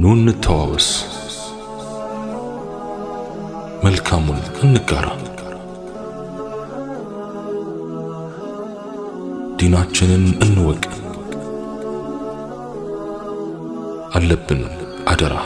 ኑ እንተዋወስ፣ መልካሙን እንጋራ፣ ዲናችንን እንወቅ አለብን አደራ።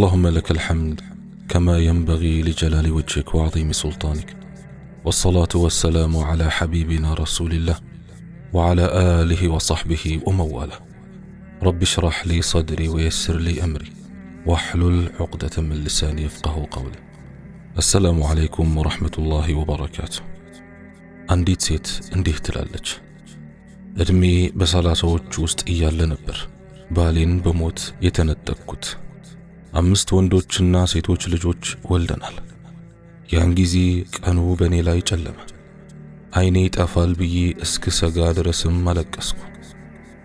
اللهم لك الحمد كما ينبغي لجلال وجهك وعظيم سلطانك والصلاة والسلام على حبيبنا رسول الله وعلى آله وصحبه ومواله رب اشرح لي صدري ويسر لي أمري واحلل عقدة من لساني يفقه قولي السلام عليكم ورحمة الله وبركاته አንዲት ሴት እንዲህ ትላለች፣ ዕድሜ በሰላሳዎች ውስጥ እያለ ነበር ባሌን በሞት የተነጠቅኩት። አምስት ወንዶችና ሴቶች ልጆች ወልደናል። ያን ጊዜ ቀኑ በእኔ ላይ ጨለመ። ዓይኔ ይጠፋል ብዬ ሰጋ ድረስም አለቀስኩ።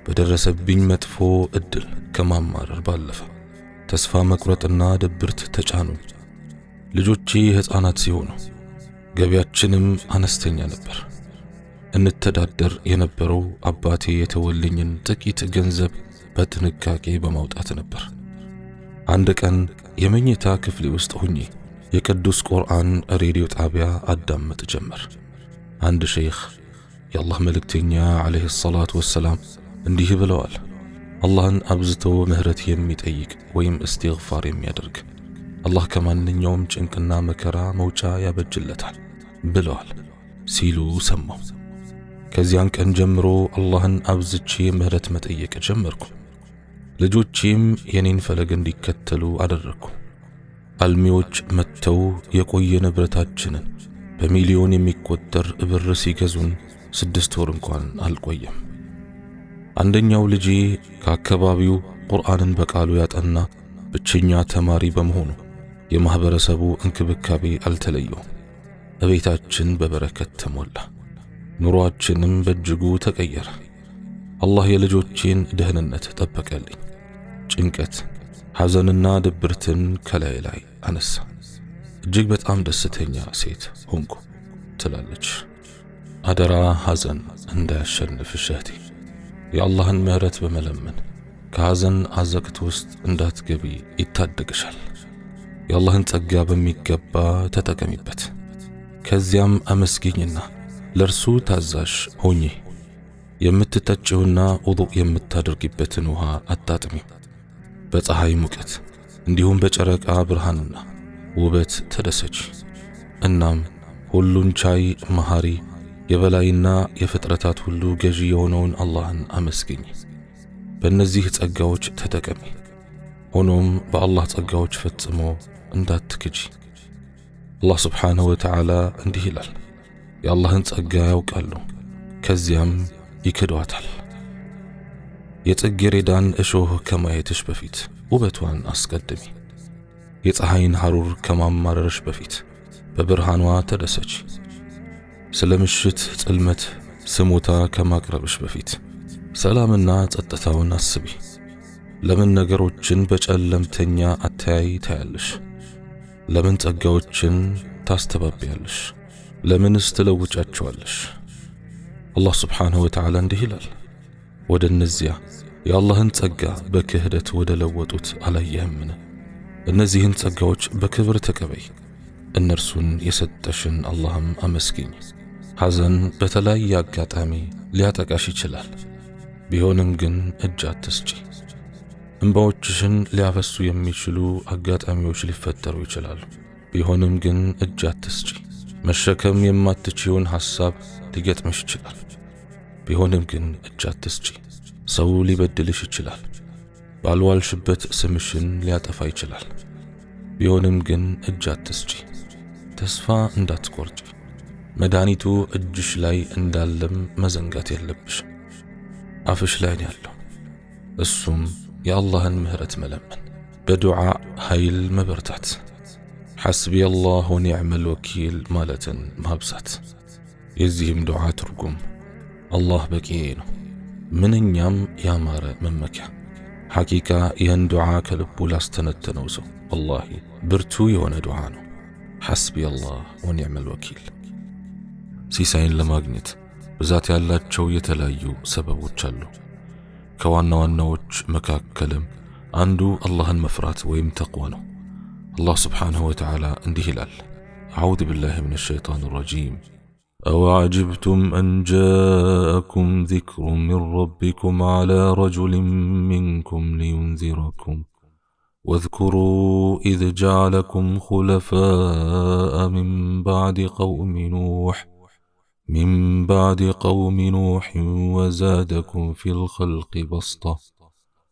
በደረሰብኝ መጥፎ እድል ከማማረር ባለፈ ተስፋ መቁረጥና ድብርት ተጫኑ። ልጆቼ ሕፃናት ሲሆኑ ገቢያችንም አነስተኛ ነበር። እንተዳደር የነበረው አባቴ የተወልኝን ጥቂት ገንዘብ በጥንቃቄ በማውጣት ነበር። አንድ ቀን የመኝታ ክፍሌ ውስጥ ሁኜ የቅዱስ ቁርአን ሬዲዮ ጣቢያ አዳምጥ ጀመር። አንድ ሼኽ የአላህ መልእክተኛ ዓለይሂ ሰላቱ ወሰላም እንዲህ ብለዋል፣ አላህን አብዝቶ ምህረት የሚጠይቅ ወይም እስትግፋር የሚያደርግ አላህ ከማንኛውም ጭንቅና መከራ መውጫ ያበጅለታል ብለዋል ሲሉ ሰማው ከዚያን ቀን ጀምሮ አላህን አብዝቼ ምህረት መጠየቅ ጀመርኩ። ልጆቼም የኔን ፈለግ እንዲከተሉ አደረግኩ። አልሚዎች መጥተው የቆየ ንብረታችንን በሚሊዮን የሚቆጠር ብር ሲገዙን ስድስት ወር እንኳን አልቆየም። አንደኛው ልጄ ከአካባቢው ቁርአንን በቃሉ ያጠና ብቸኛ ተማሪ በመሆኑ የማኅበረሰቡ እንክብካቤ አልተለየውም። እቤታችን በበረከት ተሞላ፣ ኑሮአችንም በእጅጉ ተቀየረ። አላህ የልጆቼን ደህንነት ጠበቀልኝ። ጭንቀት፣ ሐዘንና ድብርትን ከላይ ላይ አነሳ። እጅግ በጣም ደስተኛ ሴት ሆንኩ ትላለች። አደራ ሐዘን እንዳያሸንፍሽ እህቴ፣ የአላህን ምሕረት በመለመን ከሐዘን አዘቅት ውስጥ እንዳትገቢ ይታደግሻል። የአላህን ጸጋ በሚገባ ተጠቀሚበት። ከዚያም አመስግኝና ለእርሱ ታዛዥ ሆኜ የምትጠጭውና ውዱእ የምታደርጊበትን ውሃ አጣጥሚ። በፀሐይ ሙቀት እንዲሁም በጨረቃ ብርሃንና ውበት ተደሰች። እናም ሁሉን ቻይ መሐሪ፣ የበላይና የፍጥረታት ሁሉ ገዢ የሆነውን አላህን አመስግኝ፣ በእነዚህ ጸጋዎች ተጠቀሚ። ሆኖም በአላህ ጸጋዎች ፈጽሞ እንዳትክጂ። አላህ ስብሓንሁ ወተዓላ እንዲህ ይላል፣ የአላህን ጸጋ ያውቃሉ፣ ከዚያም ይክዷታል። የጽጌረዳን እሾህ ከማየትሽ በፊት ውበቷን አስቀድሚ። የፀሐይን ሐሩር ከማማረርሽ በፊት በብርሃኗ ተደሰች። ስለ ምሽት ጽልመት ስሞታ ከማቅረብሽ በፊት ሰላምና ጸጥታውን አስቢ። ለምን ነገሮችን በጨለምተኛ አተያይ ታያለሽ? ለምን ጸጋዎችን ታስተባብያለሽ? ለምንስ ትለውጫቸዋለሽ? አላህ ስብሓንሁ ወተዓላ እንዲህ ይላል ወደ እነዚያ የአላህን ጸጋ በክህደት ወደ ለወጡት አላየህምን? እነዚህን ጸጋዎች በክብር ተቀበይ፣ እነርሱን የሰጠሽን አላህም አመስግኝ። ሐዘን በተለያየ አጋጣሚ ሊያጠቃሽ ይችላል። ቢሆንም ግን እጅ አትስጪ። እንባዎችሽን ሊያፈሱ የሚችሉ አጋጣሚዎች ሊፈጠሩ ይችላሉ። ቢሆንም ግን እጅ አትስጪ። መሸከም የማትችውን ሐሳብ ሊገጥምሽ ይችላል። ቢሆንም ግን እጅ አትስጪ። ሰው ሊበድልሽ ይችላል። ባልዋልሽበት ስምሽን ሊያጠፋ ይችላል። ቢሆንም ግን እጅ አትስጪ። ተስፋ እንዳትቆርጪ። መድኃኒቱ እጅሽ ላይ እንዳለም መዘንጋት የለብሽ። አፍሽ ላይ ያለው እሱም የአላህን ምህረት መለመን፣ በዱዓ ኃይል መበርታት፣ ሐስቢ አላሁ ወኒዕመል ወኪል ማለትን ማብዛት። የዚህም ዱዓ ትርጉም አላህ በቂ ነው። ምንኛም ያማረ መመኪያ። ሐቂቃ ይህን ዱዓ ከልቡ ላስተነተነው ሰው ወላሂ ብርቱ የሆነ ዱዓ ነው። ሐስቢ አላህ ወኒዕመል ወኪል። ሲሳይን ለማግኘት ብዛት ያላቸው የተለያዩ ሰበቦች አሉ። ከዋና ዋናዎች መካከልም አንዱ አላህን መፍራት ወይም ተቅዋ ነው። አላህ ስብሓንሁ ወተዓላ እንዲህ ይላል፣ አዑዙ ቢላሂ ሚነ ሸይጣን ረጂም أوعجبتم أن جاءكم ذكر من ربكم على رجل منكم لينذركم واذكروا إذ جعلكم خلفاء من بعد قوم نوح من بعد قوم نوح وزادكم في الخلق بسطة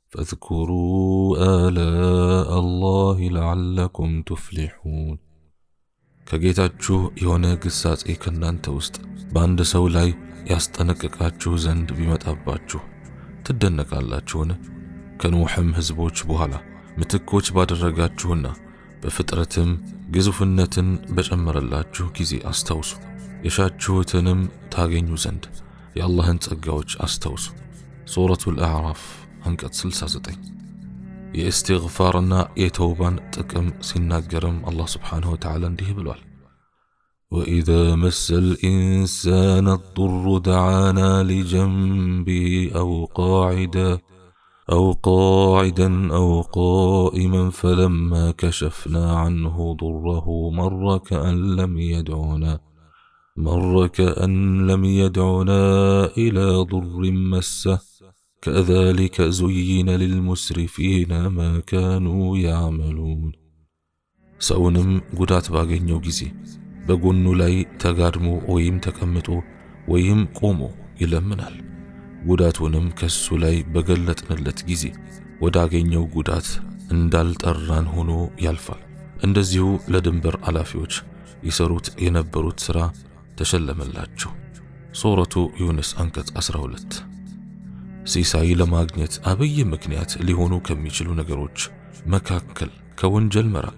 فاذكروا آلاء الله لعلكم تفلحون ከጌታችሁ የሆነ ግሳጼ ከእናንተ ውስጥ በአንድ ሰው ላይ ያስጠነቅቃችሁ ዘንድ ቢመጣባችሁ ትደነቃላችሁን? ከኑሕም ሕዝቦች በኋላ ምትኮች ባደረጋችሁና በፍጥረትም ግዙፍነትን በጨመረላችሁ ጊዜ አስታውሱ። የሻችሁትንም ታገኙ ዘንድ የአላህን ጸጋዎች አስታውሱ። ሱረቱል አዕራፍ አንቀጽ 69 يستغفارنا يتوبان تكم سنقرم الله سبحانه وتعالى نديه بلوال وإذا مس الإنسان الضر دعانا لجنبه أو قاعدا أو قاعدا أو قائما فلما كشفنا عنه ضره مر كأن لم يدعنا مر كأن لم يدعنا إلى ضر مسه كذلك زين ለልሙስሪፊነ ማ ካኑ ያዕመሉን። ሰውንም ጉዳት ባገኘው ጊዜ በጎኑ ላይ ተጋድሞ ወይም ተቀምጦ ወይም ቆሞ ይለምናል። ጉዳቱንም ከሱ ላይ በገለጥንለት ጊዜ ወዳገኘው ጉዳት እንዳልጠራን ሆኖ ያልፋል። እንደዚሁ ለድንበር አላፊዎች ይሰሩት የነበሩት ሥራ ተሸለመላቸው። ሱረቱ ዩንስ አንቀጽ 12 ሲሳይ ለማግኘት አብይ ምክንያት ሊሆኑ ከሚችሉ ነገሮች መካከል ከወንጀል መራቅ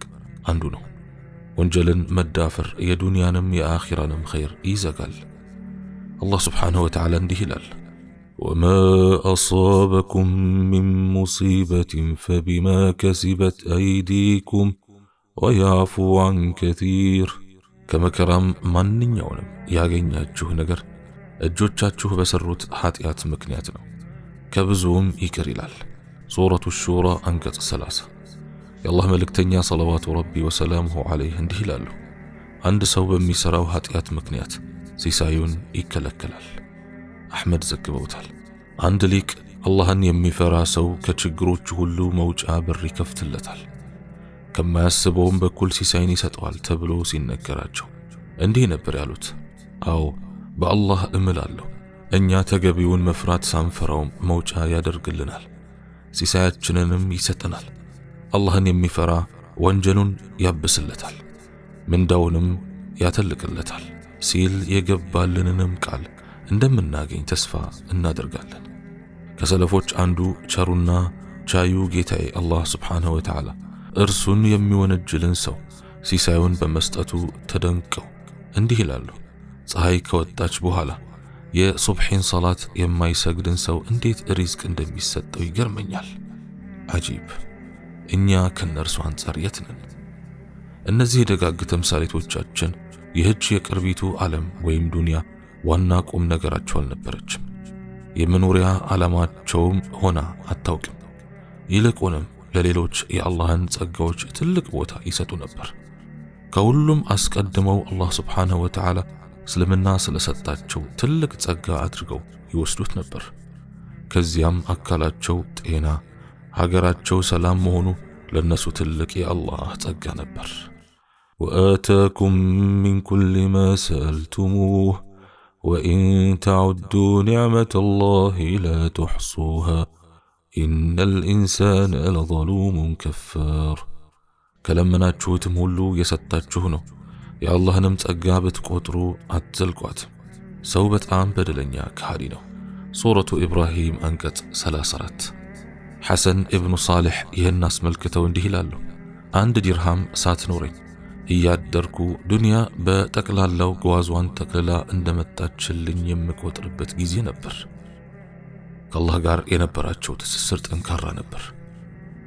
አንዱ ነው። ወንጀልን መዳፈር የዱንያንም የአኺራንም ኸይር ይዘጋል። አላህ ስብሓንሁ ወተዓላ እንዲህ ይላል፣ ወማ አሳበኩም ሚን ሙሲበትን ፈቢማ ከሲበት አይዲኩም ወያፉ አን ከቲር። ከመከራም ማንኛውንም ያገኛችሁ ነገር እጆቻችሁ በሰሩት ኃጢአት ምክንያት ነው። ከብዙውም ይቅር ይላል። ሱረቱ ሹራ አንቀጽ 30 የአላህ መልእክተኛ ሰለዋቱ ረቢ ወሰላሙሁ ዓለይህ እንዲህ ይላሉ፣ አንድ ሰው በሚሠራው ኃጢአት ምክንያት ሲሳዩን ይከለከላል። አሕመድ ዘግበውታል። አንድ ሊቅ አላህን የሚፈራ ሰው ከችግሮቹ ሁሉ መውጫ በር ይከፍትለታል፣ ከማያስበውም በኩል ሲሳይን ይሰጠዋል ተብሎ ሲነገራቸው እንዲህ ነበር ያሉት፣ አዎ በአላህ እምላለሁ እኛ ተገቢውን መፍራት ሳንፈራው መውጫ ያደርግልናል፣ ሲሳያችንንም ይሰጠናል። አላህን የሚፈራ ወንጀሉን ያብስለታል፣ ምንዳውንም ያተልቅለታል ሲል የገባልንንም ቃል እንደምናገኝ ተስፋ እናደርጋለን። ከሰለፎች አንዱ ቸሩና ቻዩ ጌታዬ አላህ ስብሓንሁ ወተዓላ እርሱን የሚወነጅልን ሰው ሲሳዩን በመስጠቱ ተደንቀው እንዲህ ይላሉ። ፀሐይ ከወጣች በኋላ የሱብሒን ሰላት የማይሰግድን ሰው እንዴት ሪዝቅ እንደሚሰጠው ይገርመኛል። አጂብ! እኛ ከእነርሱ አንጻር የት ነን? እነዚህ የደጋግ ተምሳሌቶቻችን ይህች የቅርቢቱ ዓለም ወይም ዱንያ ዋና ቁም ነገራቸው አልነበረችም። የመኖሪያ ዓላማቸውም ሆና አታውቅም። ይልቁንም ለሌሎች የአላህን ጸጋዎች ትልቅ ቦታ ይሰጡ ነበር። ከሁሉም አስቀድመው አላህ ስብሓንሁ ወተዓላ እስልምና ስለሰጣቸው ትልቅ ጸጋ አድርገው ይወስዱት ነበር። ከዚያም አካላቸው ጤና፣ ሀገራቸው ሰላም መሆኑ ለነሱ ትልቅ የአላህ ጸጋ ነበር። ወአታኩም ሚን ኩሊ ማ ሰአልቱሙህ ወኢን ተዑዱ ኒዕመተ ላህ ላ ትሕሱሃ ኢነል ኢንሳነ ለዘሉሙን ከፋር ከለመናችሁትም ሁሉ የሰጣችሁ ነው የአላህንም ጸጋ ብትቆጥሩ አትዘልቋት። ሰው በጣም በደለኛ ከሃዲ ነው። ሱረቱ ኢብራሂም አንቀጽ 34 ሐሰን ኢብኑ ሳልሕ ይህን አስመልክተው እንዲህ ይላሉ። አንድ ዲርሃም ሳትኖረኝ እያደርኩ ዱንያ በጠቅላላው ጓዟን ተቅልላ እንደመጣችልኝ የምቆጥርበት ጊዜ ነበር። ከአላህ ጋር የነበራቸው ትስስር ጠንካራ ነበር።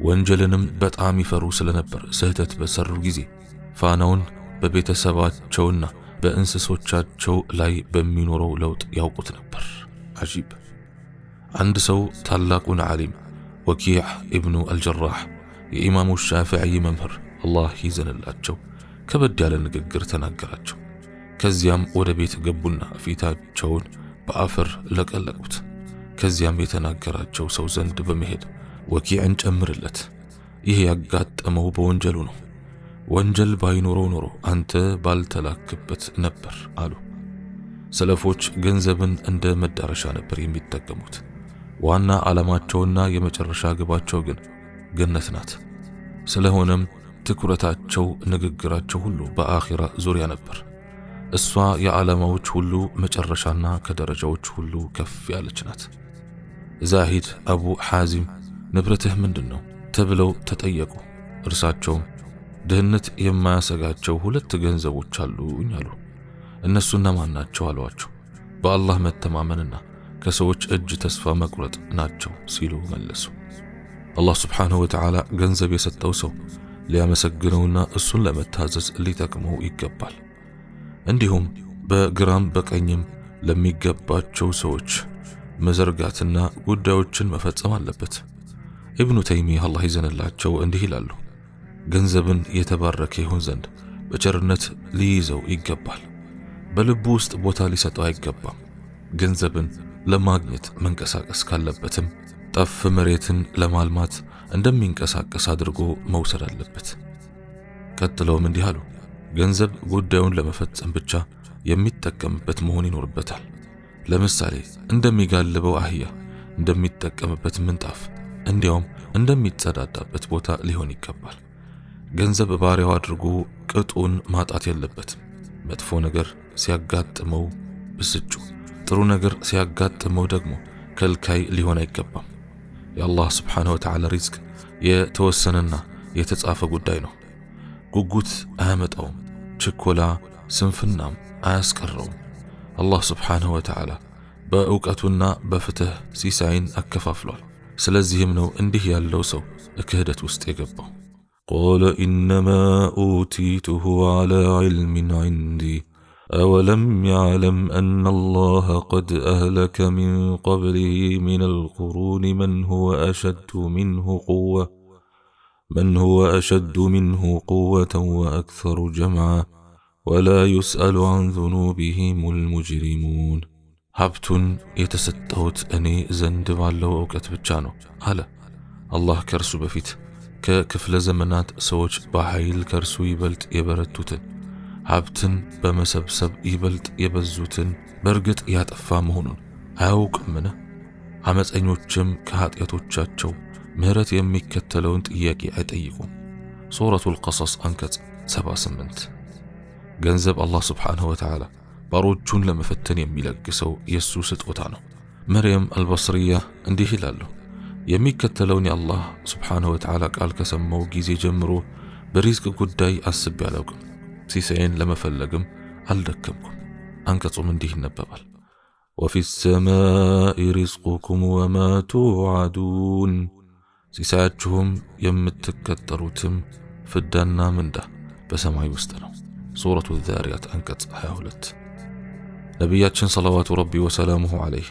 ወንጀልንም በጣም ይፈሩ ስለነበር ስህተት በሰሩ ጊዜ ፋናውን በቤተሰባቸውና በእንስሶቻቸው ላይ በሚኖረው ለውጥ ያውቁት ነበር። አጂብ! አንድ ሰው ታላቁን ዓሊም ወኪዕ ኢብኑ አልጀራህ የኢማሙ ሻፊዒ መምህር አላህ ይዘንላቸው ከበድ ያለ ንግግር ተናገራቸው። ከዚያም ወደ ቤት ገቡና ፊታቸውን በአፈር ለቀለቁት። ከዚያም የተናገራቸው ሰው ዘንድ በመሄድ ወኪዕን ጨምርለት፣ ይህ ያጋጠመው በወንጀሉ ነው ወንጀል ባይኖረው ኖሮ አንተ ባልተላክበት ነበር አሉ። ሰለፎች ገንዘብን እንደ መዳረሻ ነበር የሚጠቀሙት። ዋና ዓላማቸውና የመጨረሻ ግባቸው ግን ገነት ናት። ስለሆነም ትኩረታቸው፣ ንግግራቸው ሁሉ በአኺራ ዙሪያ ነበር። እሷ የዓላማዎች ሁሉ መጨረሻና ከደረጃዎች ሁሉ ከፍ ያለች ናት። ዛሂድ አቡ ሓዚም ንብረትህ ምንድን ነው ተብለው ተጠየቁ። እርሳቸውም ድህነት የማያሰጋቸው ሁለት ገንዘቦች አሉኝ አሉ። እነሱ እነማን ናቸው አሏቸው። በአላህ መተማመንና ከሰዎች እጅ ተስፋ መቁረጥ ናቸው ሲሉ መለሱ። አላህ ስብሓንሁ ወተዓላ ገንዘብ የሰጠው ሰው ሊያመሰግነውና እሱን ለመታዘዝ ሊጠቅመው ይገባል። እንዲሁም በግራም በቀኝም ለሚገባቸው ሰዎች መዘርጋትና ጉዳዮችን መፈጸም አለበት። ኢብኑ ተይሚያ አላህ ይዘንላቸው እንዲህ ይላሉ ገንዘብን የተባረከ ይሆን ዘንድ በቸርነት ሊይዘው ይገባል። በልቡ ውስጥ ቦታ ሊሰጠው አይገባም። ገንዘብን ለማግኘት መንቀሳቀስ ካለበትም ጠፍ መሬትን ለማልማት እንደሚንቀሳቀስ አድርጎ መውሰድ አለበት። ቀጥለውም እንዲህ አሉ። ገንዘብ ጉዳዩን ለመፈጸም ብቻ የሚጠቀምበት መሆን ይኖርበታል። ለምሳሌ እንደሚጋልበው አህያ እንደሚጠቀምበት ምንጣፍ፣ እንዲያውም እንደሚጸዳዳበት ቦታ ሊሆን ይገባል። ገንዘብ ባሪያው አድርጎ ቅጡን ማጣት የለበትም። መጥፎ ነገር ሲያጋጥመው ብስጩ፣ ጥሩ ነገር ሲያጋጥመው ደግሞ ከልካይ ሊሆን አይገባም። የአላህ ስብሓንሁ ወተዓላ ሪዝቅ የተወሰነና የተጻፈ ጉዳይ ነው። ጉጉት አያመጣውም፣ ችኮላ ስንፍናም አያስቀረውም። አላህ ስብሓንሁ ወተዓላ በእውቀቱና በፍትህ ሲሳይን አከፋፍሏል። ስለዚህም ነው እንዲህ ያለው ሰው ክህደት ውስጥ የገባው። قال إنما أوتيته على علم عندي أولم يعلم أن الله قد أهلك من قبله من القرون من هو أشد منه قوة من هو أشد منه قوة وأكثر جمعا ولا يسأل عن ذنوبهم المجرمون هبتن يتستوت اني زندب على እውቀት ብቻ ነው هلا الله كرسو بفيت ከክፍለ ዘመናት ሰዎች በኃይል ከእርሱ ይበልጥ የበረቱትን ሀብትን በመሰብሰብ ይበልጥ የበዙትን በእርግጥ ያጠፋ መሆኑን አያውቅምን? ዐመፀኞችም ከኀጢአቶቻቸው ምሕረት የሚከተለውን ጥያቄ አይጠይቁም። ሱረቱል ቀሰስ አንቀጽ 78 ገንዘብ አላህ ስብሓንሁ ወተዓላ ባሮቹን ለመፈተን የሚለግሰው የእሱ ስጦታ ነው። መርየም አልበስርያ እንዲህ ይላሉ። የሚከተለውን የአላህ ስብሓንሁ ወተዓላ ቃል ከሰማው ጊዜ ጀምሮ በሪዝቅ ጉዳይ አስቤ አላውቅም። ሲሳይን ለመፈለግም አልደከምኩም። አንቀጹም እንዲህ ይነበባል። ወፊ ሰማኢ ሪዝቁኩም ወማ ቱዓዱን፣ ሲሳያችሁም የምትቀጠሩትም ፍዳና ምንዳ በሰማይ ውስጥ ነው። ሱረቱ ዛሪያት አንቀጽ 22 ነቢያችን ሰለዋቱ ረቢ ወሰላሙሁ ዓለይህ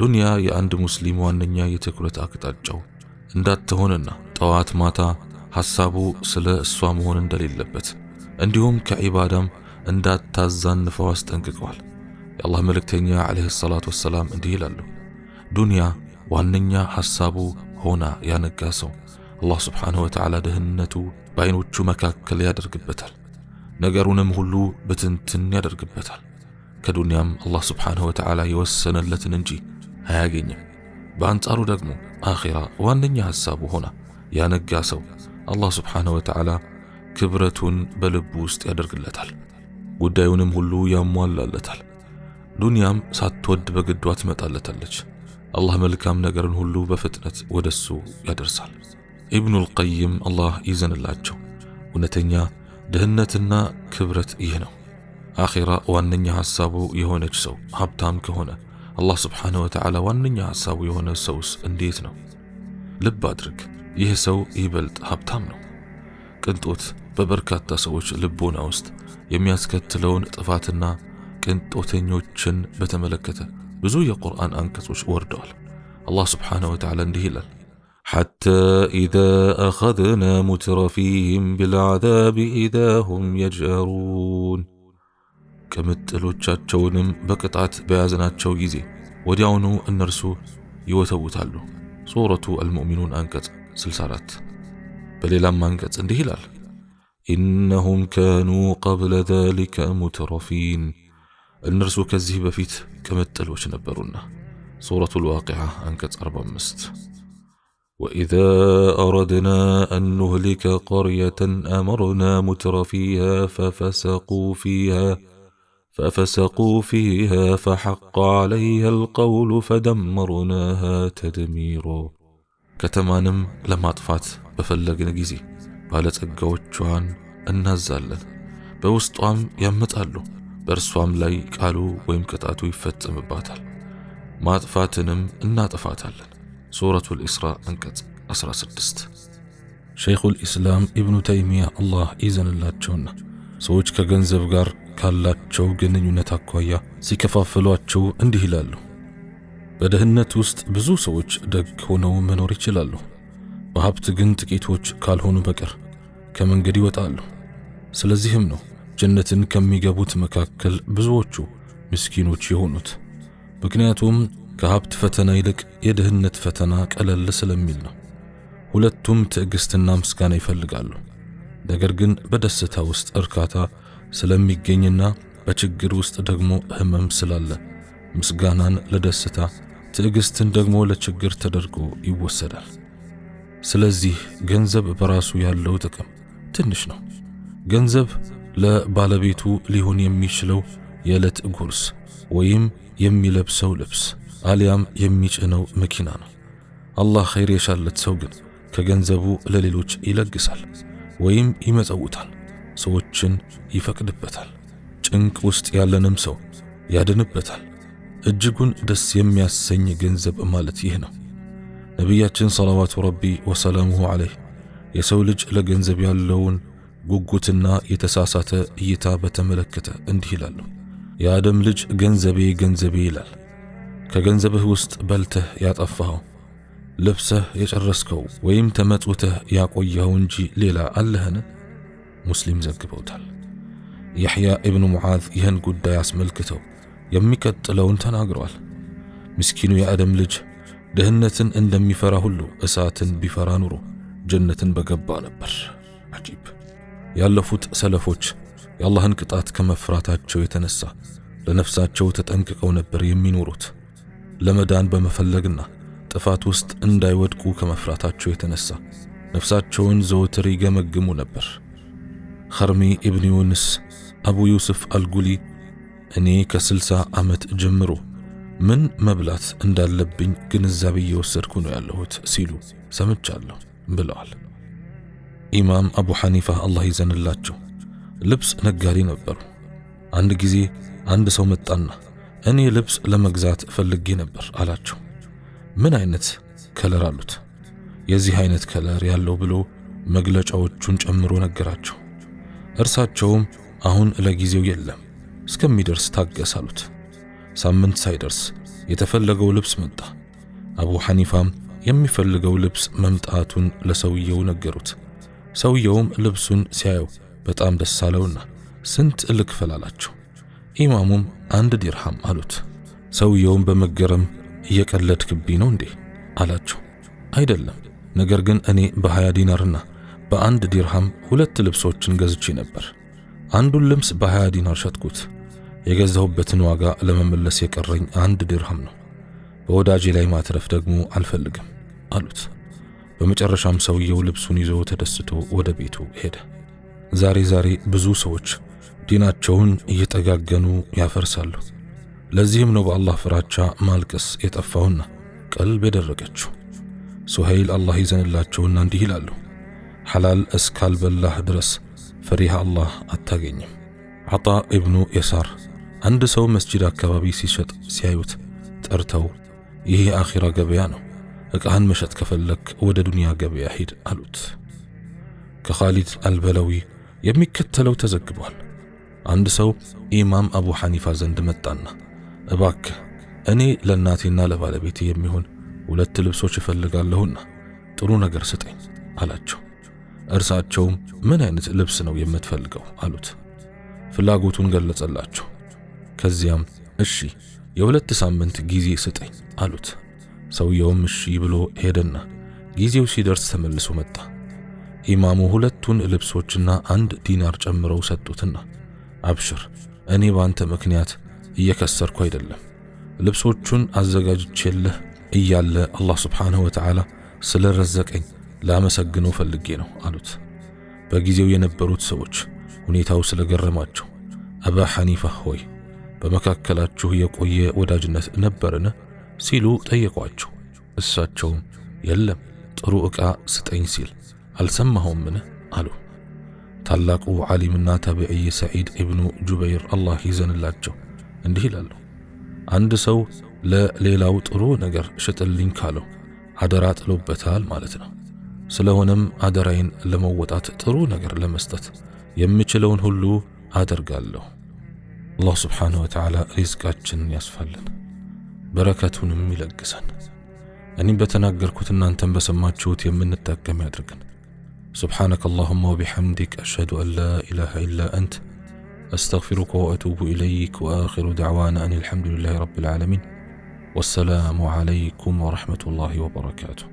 ዱንያ የአንድ ሙስሊም ዋነኛ የትኩረት አቅጣጫው እንዳትሆንና ጠዋት ማታ ሐሳቡ ስለ እሷ መሆን እንደሌለበት እንዲሁም ከዒባዳም እንዳታዛንፈው አስጠንቅቀዋል። የአላህ መልእክተኛ ዓለይሂ ሰላቱ ወሰላም እንዲህ ይላሉ፣ ዱንያ ዋነኛ ሐሳቡ ሆና ያነጋ ሰው አላህ ስብሓንሁ ወተዓላ ድህነቱ በዐይኖቹ መካከል ያደርግበታል፣ ነገሩንም ሁሉ ብትንትን ያደርግበታል። ከዱንያም አላህ ስብሓንሁ ወተዓላ የወሰነለትን እንጂ አያገኝም። በአንጻሩ ደግሞ አኺራ ዋነኛ ሐሳቡ ሆና ያነጋ ሰው አላህ ስብሓንሁ ወተዓላ ክብረቱን በልቡ ውስጥ ያደርግለታል፣ ጉዳዩንም ሁሉ ያሟላለታል። ዱንያም ሳትወድ በግዷ ትመጣለታለች። አላህ መልካም ነገርን ሁሉ በፍጥነት ወደሱ ያደርሳል። ኢብኑል ቀይም አላህ ይዘንላቸው። እውነተኛ ድህነትና ክብረት ይህ ነው። አኺራ ዋነኛ ሐሳቡ የሆነች ሰው ሀብታም ከሆነ الله سبحانه وتعالى وان نيا ساوي وانا سوس انديت لب بادرك يهسو يبلد هبتام كنت كنتوت ببركات سوش لبونا وست يمياس كتلون اتفاتنا كنتوتين يوتشن بتملكته بزوية قرآن وش وردول الله سبحانه وتعالى اندهيلا حتى إذا أخذنا مترفيهم بالعذاب إذا هم يجارون ቅምጥሎቻቸውንም በቅጣት በያዝናቸው ጊዜ ወዲያውኑ እነርሱ ይወተውታሉ። ሱረቱ አልሙእሚኑን አንቀጽ 64 በሌላም አንቀጽ እንዲህ ይላል ኢነሁም ካኑ ቀብለ ዛሊከ ሙትረፊን እነርሱ ከዚህ በፊት ቅምጥሎች ነበሩና ሱረቱ ልዋቂዓ አንቀጽ 45 وإذا أردنا أن نهلك قرية أمرنا متر فيها ففسقوا فيها ففسقوا فيها فحق عليها القول فدمرناها تدميرا كتمانم لما طفات بفلق نجيزي قالت اقوتشوان انا الزالن بوسطوام يمت قالو برسوام لاي قالو ويمكتاتو يفتم باتل ما طفاتنم انا طفاتلن سورة الإسراء أنكت أسرى سدست شيخ الإسلام ابن تيمية الله إذن الله تشون سويتش كجنزف ካላቸው ግንኙነት አኳያ ሲከፋፍሏቸው እንዲህ ይላሉ። በድህነት ውስጥ ብዙ ሰዎች ደግ ሆነው መኖር ይችላሉ። በሀብት ግን ጥቂቶች ካልሆኑ በቀር ከመንገድ ይወጣሉ። ስለዚህም ነው ጀነትን ከሚገቡት መካከል ብዙዎቹ ምስኪኖች የሆኑት። ምክንያቱም ከሀብት ፈተና ይልቅ የድህነት ፈተና ቀለል ስለሚል ነው። ሁለቱም ትዕግሥትና ምስጋና ይፈልጋሉ። ነገር ግን በደስታ ውስጥ እርካታ ስለሚገኝና በችግር ውስጥ ደግሞ ህመም ስላለ ምስጋናን ለደስታ ትዕግስትን ደግሞ ለችግር ተደርጎ ይወሰዳል። ስለዚህ ገንዘብ በራሱ ያለው ጥቅም ትንሽ ነው። ገንዘብ ለባለቤቱ ሊሆን የሚችለው የዕለት ጉርስ ወይም የሚለብሰው ልብስ አሊያም የሚጭነው መኪና ነው። አላህ ኸይር የሻለት ሰው ግን ከገንዘቡ ለሌሎች ይለግሳል ወይም ይመጸውታል። ሰዎችን ይፈቅድበታል። ጭንቅ ውስጥ ያለንም ሰው ያድንበታል። እጅጉን ደስ የሚያሰኝ ገንዘብ ማለት ይህ ነው። ነቢያችን ሰላዋቱ ረቢ ወሰላሙሁ ዓለይህ የሰው ልጅ ለገንዘብ ያለውን ጉጉትና የተሳሳተ እይታ በተመለከተ እንዲህ ይላሉ። የአደም ልጅ ገንዘቤ ገንዘቤ ይላል። ከገንዘብህ ውስጥ በልተህ ያጠፋኸው፣ ለብሰህ የጨረስከው ወይም ተመጽውተህ ያቆየኸው እንጂ ሌላ አለህን? ሙስሊም ዘግበውታል። ያሕያ ኢብኑ ሙዓዝ ይህን ጉዳይ አስመልክተው የሚቀጥለውን ተናግረዋል። ምስኪኑ የአደም ልጅ ድህነትን እንደሚፈራ ሁሉ እሳትን ቢፈራ ኑሮ ጀነትን በገባ ነበር። አጂብ! ያለፉት ሰለፎች የአላህን ቅጣት ከመፍራታቸው የተነሳ ለነፍሳቸው ተጠንቅቀው ነበር የሚኖሩት። ለመዳን በመፈለግና ጥፋት ውስጥ እንዳይወድቁ ከመፍራታቸው የተነሳ ነፍሳቸውን ዘወትር ይገመግሙ ነበር። ኸርሚ ኢብን ዩንስ አቡ ዩስፍ አልጉሊ እኔ ከስልሳ ዓመት ጀምሮ ምን መብላት እንዳለብኝ ግንዛቤ እየወሰድኩ ነው ያለሁት ሲሉ ሰምቻለሁ ብለዋል። ኢማም አቡ ሐኒፋ አላህ ይዘንላቸው ልብስ ነጋዴ ነበሩ። አንድ ጊዜ አንድ ሰው መጣና እኔ ልብስ ለመግዛት ፈልጌ ነበር አላቸው። ምን አይነት ከለር አሉት? የዚህ አይነት ከለር ያለው ብሎ መግለጫዎቹን ጨምሮ ነገራቸው። እርሳቸውም አሁን ለጊዜው የለም እስከሚደርስ ታገስ አሉት። ሳምንት ሳይደርስ የተፈለገው ልብስ መጣ። አቡ ሐኒፋም የሚፈልገው ልብስ መምጣቱን ለሰውየው ነገሩት። ሰውየውም ልብሱን ሲያየው በጣም ደስ አለውና ስንት ልክፈል አላቸው። ኢማሙም አንድ ዲርሃም አሉት። ሰውየውም በመገረም እየቀለድክብኝ ነው እንዴ አላቸው። አይደለም፣ ነገር ግን እኔ በሃያ ዲናርና በአንድ ዲርሃም ሁለት ልብሶችን ገዝቼ ነበር። አንዱን ልብስ በ20 ዲናር ሸጥኩት። የገዛሁበትን ዋጋ ለመመለስ የቀረኝ አንድ ዲርሃም ነው። በወዳጄ ላይ ማትረፍ ደግሞ አልፈልግም አሉት። በመጨረሻም ሰውየው ልብሱን ይዞ ተደስቶ ወደ ቤቱ ሄደ። ዛሬ ዛሬ ብዙ ሰዎች ዲናቸውን እየጠጋገኑ ያፈርሳሉ። ለዚህም ነው በአላህ ፍራቻ ማልቀስ የጠፋውና ቀልብ የደረቀችው። ሱሀይል አላህ ይዘንላቸውና እንዲህ ይላሉ ሐላል እስካልበላህ ድረስ ፈሪሃ አላህ አታገኝም። ዐጣ እብኑ የሳር አንድ ሰው መስጂድ አካባቢ ሲሸጥ ሲያዩት ጠርተው ይህ የአኺራ ገበያ ነው፣ ዕቃህን መሸጥ ከፈለክ ወደ ዱንያ ገበያ ሂድ አሉት። ከኻሊድ አልበለዊ የሚከተለው ተዘግቧል። አንድ ሰው ኢማም አቡ ሐኒፋ ዘንድ መጣና እባክህ እኔ ለእናቴና ለባለቤቴ የሚሆን ሁለት ልብሶች እፈልጋለሁና ጥሩ ነገር ስጠኝ አላቸው። እርሳቸውም ምን አይነት ልብስ ነው የምትፈልገው አሉት። ፍላጎቱን ገለጸላቸው። ከዚያም እሺ የሁለት ሳምንት ጊዜ ስጠኝ አሉት። ሰውየውም እሺ ብሎ ሄደና ጊዜው ሲደርስ ተመልሶ መጣ። ኢማሙ ሁለቱን ልብሶችና አንድ ዲናር ጨምረው ሰጡትና አብሽር፣ እኔ በአንተ ምክንያት እየከሰርኩ አይደለም፣ ልብሶቹን አዘጋጅቼልህ እያለ አላህ ስብሓንሁ ወተዓላ ስለረዘቀኝ ላመሰግኖ ፈልጌ ነው አሉት። በጊዜው የነበሩት ሰዎች ሁኔታው ስለገረማቸው አባ ሐኒፋ ሆይ በመካከላችሁ የቆየ ወዳጅነት ነበርን? ሲሉ ጠየቋቸው። እሳቸውም የለም ጥሩ ዕቃ ስጠኝ ሲል አልሰማኸውምን? አሉ። ታላቁ ዓሊምና ታቢዕይ ሰዒድ ኢብኑ ጁበይር አላህ ይዘንላቸው እንዲህ ይላሉ። አንድ ሰው ለሌላው ጥሩ ነገር ሽጥልኝ ካለው አደራ ጥሎበታል ማለት ነው። ስለሆነም አደራዬን ለመወጣት ጥሩ ነገር ለመስጠት የምችለውን ሁሉ አደርጋለሁ። አላህ ስብሓንሁ ወተዓላ ሪዝቃችንን ያስፋልን፣ በረከቱንም ይለግሰን። እኔም በተናገርኩት እናንተም በሰማችሁት የምንጠቀም ያድርግን። سبحانك اللهم وبحمدك أشهد أن لا إله إلا أنت أستغفرك وأتوب إليك وآخر دعوانا أن الحمد لله رب العالمين والسلام عليكم ورحمة الله وبركاته